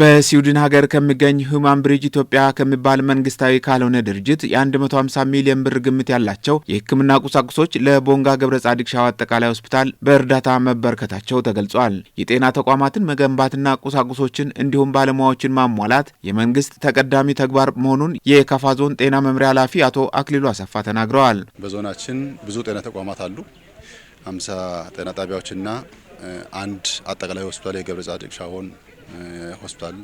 በስዊድን ሀገር ከሚገኝ ሁማን ብሪጅ ኢትዮጵያ ከሚባል መንግስታዊ ካልሆነ ድርጅት የ150 ሚሊዮን ብር ግምት ያላቸው የሕክምና ቁሳቁሶች ለቦንጋ ገብረ ጻዲቅ ሻው አጠቃላይ ሆስፒታል በእርዳታ መበረከታቸው ተገልጿል። የጤና ተቋማትን መገንባትና ቁሳቁሶችን እንዲሁም ባለሙያዎችን ማሟላት የመንግስት ተቀዳሚ ተግባር መሆኑን የካፋ ዞን ጤና መምሪያ ኃላፊ አቶ አክሊሉ አሰፋ ተናግረዋል። በዞናችን ብዙ ጤና ተቋማት አሉ። 50 ጤና ጣቢያዎችና አንድ አጠቃላይ ሆስፒታል የገብረ ጻዲቅ ሻሆን ሆስፒታል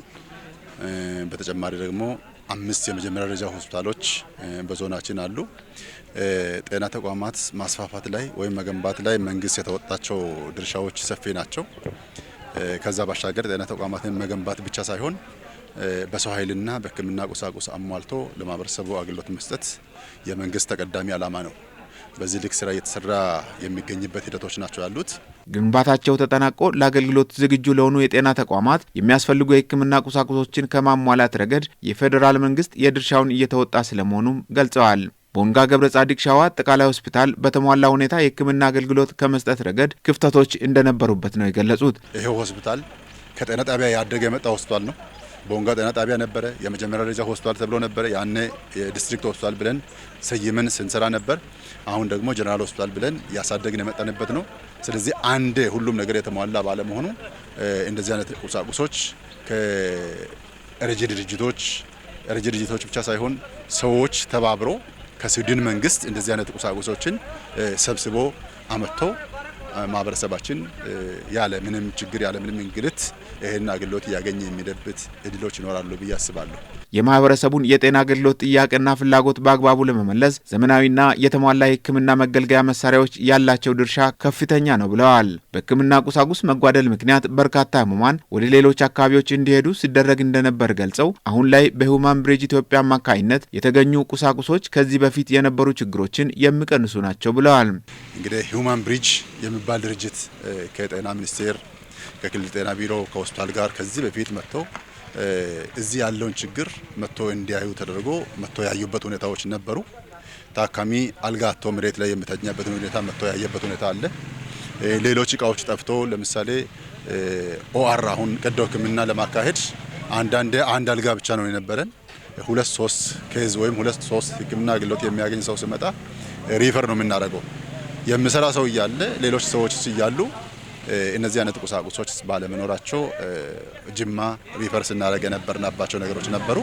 በተጨማሪ ደግሞ አምስት የመጀመሪያ ደረጃ ሆስፒታሎች በዞናችን አሉ። ጤና ተቋማት ማስፋፋት ላይ ወይም መገንባት ላይ መንግስት የተወጣቸው ድርሻዎች ሰፊ ናቸው። ከዛ ባሻገር ጤና ተቋማትን መገንባት ብቻ ሳይሆን በሰው ኃይልና በሕክምና ቁሳቁስ አሟልቶ ለማህበረሰቡ አገልግሎት መስጠት የመንግስት ተቀዳሚ ዓላማ ነው። በዚህ ልክ ስራ እየተሰራ የሚገኝበት ሂደቶች ናቸው ያሉት። ግንባታቸው ተጠናቆ ለአገልግሎት ዝግጁ ለሆኑ የጤና ተቋማት የሚያስፈልጉ የሕክምና ቁሳቁሶችን ከማሟላት ረገድ የፌዴራል መንግስት የድርሻውን እየተወጣ ስለመሆኑም ገልጸዋል። ቦንጋ ገብረ ጻዲቅ ሻዋ አጠቃላይ ሆስፒታል በተሟላ ሁኔታ የሕክምና አገልግሎት ከመስጠት ረገድ ክፍተቶች እንደነበሩበት ነው የገለጹት። ይሄው ሆስፒታል ከጤና ጣቢያ ያደገ የመጣ ሆስፒታል ነው። ቦንጋ ጤና ጣቢያ ነበረ፣ የመጀመሪያ ደረጃ ሆስፒታል ተብሎ ነበረ። ያኔ የዲስትሪክት ሆስፒታል ብለን ሰይመን ስንሰራ ነበር። አሁን ደግሞ ጀነራል ሆስፒታል ብለን እያሳደግን የመጣንበት ነው። ስለዚህ አንዴ ሁሉም ነገር የተሟላ ባለመሆኑ እንደዚህ አይነት ቁሳቁሶች ከረጂ ድርጅቶች ረጂ ድርጅቶች ብቻ ሳይሆን ሰዎች ተባብሮ ከስዊድን መንግስት እንደዚህ አይነት ቁሳቁሶችን ሰብስቦ አመጥቶ ማህበረሰባችን ያለ ምንም ችግር ያለ ምንም እንግልት ይህን አገልግሎት እያገኘ የሚደብት እድሎች ይኖራሉ ብዬ አስባለሁ። የማህበረሰቡን የጤና አገልግሎት ጥያቄና ፍላጎት በአግባቡ ለመመለስ ዘመናዊና የተሟላ የሕክምና መገልገያ መሳሪያዎች ያላቸው ድርሻ ከፍተኛ ነው ብለዋል። በሕክምና ቁሳቁስ መጓደል ምክንያት በርካታ ህሙማን ወደ ሌሎች አካባቢዎች እንዲሄዱ ሲደረግ እንደነበር ገልጸው አሁን ላይ በሁማን ብሪጅ ኢትዮጵያ አማካኝነት የተገኙ ቁሳቁሶች ከዚህ በፊት የነበሩ ችግሮችን የሚቀንሱ ናቸው ብለዋል። እንግዲህ ሂውማን ብሪጅ የሚባል ድርጅት ከጤና ሚኒስቴር፣ ከክልል ጤና ቢሮ፣ ከሆስፒታል ጋር ከዚህ በፊት መጥተው እዚህ ያለውን ችግር መጥቶ እንዲያዩ ተደርጎ መጥቶ ያዩበት ሁኔታዎች ነበሩ። ታካሚ አልጋ አልጋቶ መሬት ላይ የሚተኛበትን ሁኔታ መጥቶ ያየበት ሁኔታ አለ። ሌሎች እቃዎች ጠፍቶ ለምሳሌ ኦአር አሁን ቀዶ ሕክምና ለማካሄድ አንዳንድ አንድ አልጋ ብቻ ነው የነበረን። ሁለት ሶስት ኬዝ ወይም ሁለት ሶስት ሕክምና አገልግሎት የሚያገኝ ሰው ሲመጣ ሪፈር ነው የምናደርገው። የምሰራ ሰው እያለ ሌሎች ሰዎች እያሉ እነዚህ አይነት ቁሳቁሶች ባለመኖራቸው ጅማ ሪፈር ስናደረገ ነበርናባቸው ነገሮች ነበሩ።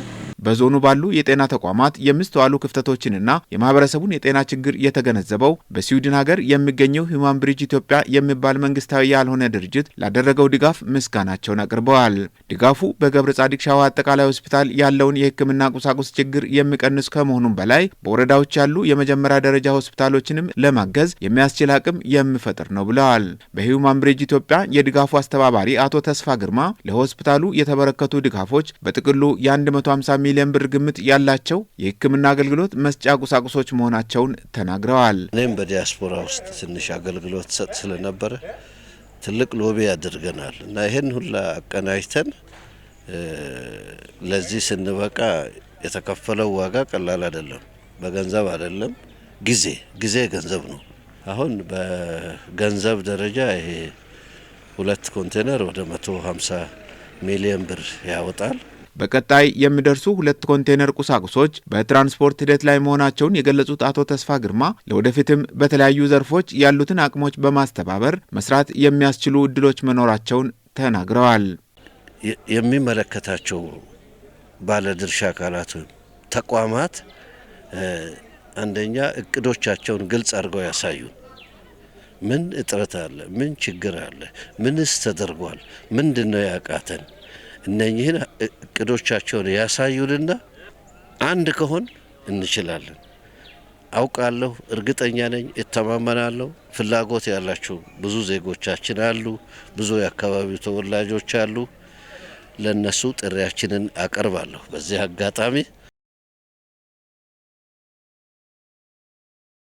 በዞኑ ባሉ የጤና ተቋማት የሚስተዋሉ ክፍተቶችንና የማህበረሰቡን የጤና ችግር የተገነዘበው በስዊድን ሀገር የሚገኘው ሂውማን ብሪጅ ኢትዮጵያ የሚባል መንግስታዊ ያልሆነ ድርጅት ላደረገው ድጋፍ ምስጋናቸውን አቅርበዋል። ድጋፉ በገብረ ጻዲቅ ሻዋ አጠቃላይ ሆስፒታል ያለውን የህክምና ቁሳቁስ ችግር የሚቀንስ ከመሆኑም በላይ በወረዳዎች ያሉ የመጀመሪያ ደረጃ ሆስፒታሎችንም ለማገዝ የሚያስችል አቅም የሚፈጥር ነው ብለዋል። በሂውማን ብሪጅ ኢትዮጵያ የድጋፉ አስተባባሪ አቶ ተስፋ ግርማ ለሆስፒታሉ የተበረከቱ ድጋፎች በጥቅሉ የ150 ሚሊዮን ብር ግምት ያላቸው የሕክምና አገልግሎት መስጫ ቁሳቁሶች መሆናቸውን ተናግረዋል። እኔም በዲያስፖራ ውስጥ ትንሽ አገልግሎት ሰጥ ስለነበረ ትልቅ ሎቢ አድርገናል እና ይህን ሁላ አቀናጅተን ለዚህ ስንበቃ የተከፈለው ዋጋ ቀላል አይደለም። በገንዘብ አይደለም፣ ጊዜ ጊዜ ገንዘብ ነው። አሁን በገንዘብ ደረጃ ይሄ ሁለት ኮንቴነር ወደ 150 ሀምሳ ሚሊዮን ብር ያወጣል። በቀጣይ የሚደርሱ ሁለት ኮንቴነር ቁሳቁሶች በትራንስፖርት ሂደት ላይ መሆናቸውን የገለጹት አቶ ተስፋ ግርማ ለወደፊትም በተለያዩ ዘርፎች ያሉትን አቅሞች በማስተባበር መስራት የሚያስችሉ እድሎች መኖራቸውን ተናግረዋል። የሚመለከታቸው ባለድርሻ አካላት ተቋማት አንደኛ እቅዶቻቸውን ግልጽ አድርገው ያሳዩ። ምን እጥረት አለ? ምን ችግር አለ? ምንስ ተደርጓል? ምንድን ነው ያቃተን? እነኚህን እቅዶቻቸውን ያሳዩንና አንድ ከሆን እንችላለን። አውቃለሁ፣ እርግጠኛ ነኝ፣ እተማመናለሁ። ፍላጎት ያላቸው ብዙ ዜጎቻችን አሉ፣ ብዙ የአካባቢው ተወላጆች አሉ። ለእነሱ ጥሪያችንን አቀርባለሁ በዚህ አጋጣሚ